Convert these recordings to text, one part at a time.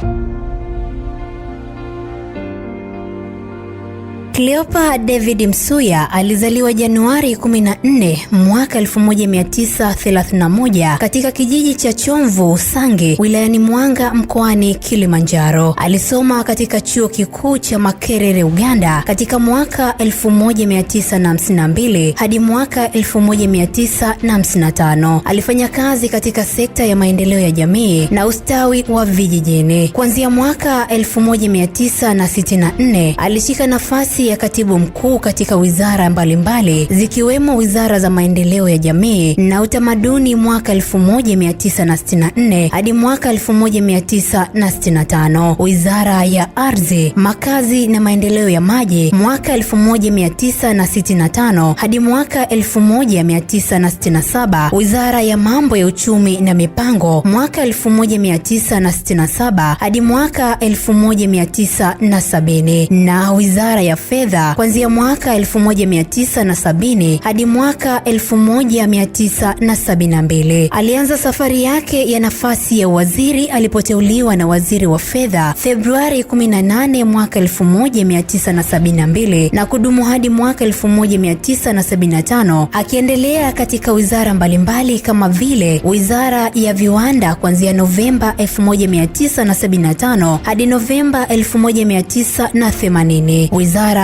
thank you Cleopa David Msuya alizaliwa Januari 14 mwaka 1931 katika kijiji cha Chomvu Sange wilayani Mwanga mkoani Kilimanjaro. Alisoma katika chuo kikuu cha Makerere Uganda katika mwaka 1952 hadi mwaka 1955. Alifanya kazi katika sekta ya maendeleo ya jamii na ustawi wa vijijini. Kuanzia mwaka 1964 alishika nafasi ofisi ya katibu mkuu katika wizara mbalimbali zikiwemo wizara za maendeleo ya jamii na utamaduni mwaka 1964 hadi mwaka 1965, wizara ya ardhi, makazi na maendeleo ya maji mwaka 1965 hadi mwaka 1967, wizara ya mambo ya uchumi na mipango mwaka 1967 hadi mwaka 1970 na wizara ya fedha kuanzia mwaka 1970 hadi mwaka 1972. Alianza safari yake ya nafasi ya waziri alipoteuliwa na waziri wa fedha Februari 18 mwaka 1972 na kudumu hadi mwaka 1975 akiendelea katika wizara mbalimbali kama vile wizara ya viwanda kuanzia Novemba 1975 hadi Novemba 1980, wizara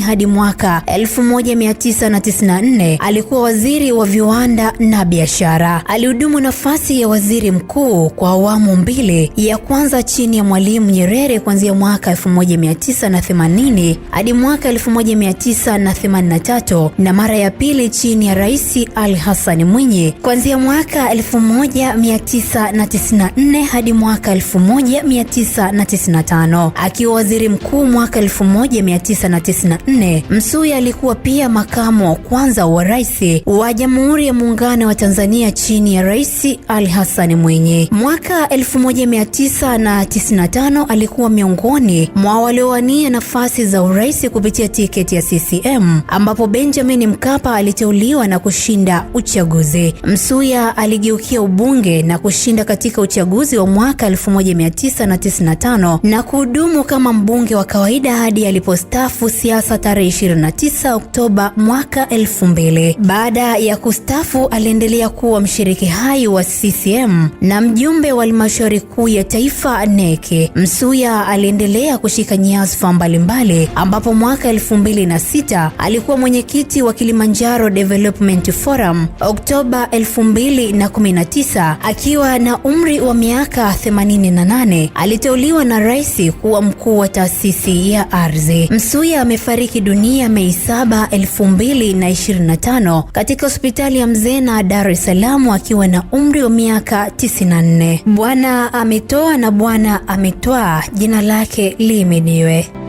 hadi mwaka 1994 alikuwa waziri wa viwanda na biashara. Alihudumu nafasi ya waziri mkuu kwa awamu mbili, ya kwanza chini ya Mwalimu Nyerere kuanzia mwaka 1980 hadi mwaka 1983 na mara ya pili chini ya Rais Ali Hassan Mwinyi kuanzia mwaka 1994 hadi mwaka 1995 akiwa waziri mkuu mwaka 1994 nne, Msuya alikuwa pia makamu wa kwanza wa rais wa Jamhuri ya Muungano wa Tanzania chini ya Rais Ali Hassan Mwinyi. Mwaka 1995 alikuwa miongoni mwa waliowania nafasi za urais kupitia tiketi ya CCM ambapo Benjamin Mkapa aliteuliwa na kushinda uchaguzi. Msuya aligeukia ubunge na kushinda katika uchaguzi wa mwaka 1995 na kuhudumu kama mbunge wa kawaida hadi alipostafu siasa tarehe 29 Oktoba mwaka 2000. Baada ya kustafu, aliendelea kuwa mshiriki hai wa CCM na mjumbe wa halmashauri kuu ya taifa NEC. Msuya aliendelea kushika nyadhifa mbalimbali ambapo mwaka 2006 alikuwa mwenyekiti wa Kilimanjaro Development Forum Oktoba 2019 akiwa na umri wa miaka 88 aliteuliwa na rais kuwa mkuu wa taasisi ya ardhi. Msuya amefariki alifariki dunia Mei 7, 2025 katika hospitali ya Mzena, Dar es Salaam akiwa na umri wa miaka 94. Bwana ametoa na Bwana ametwaa, jina lake liimidiwe.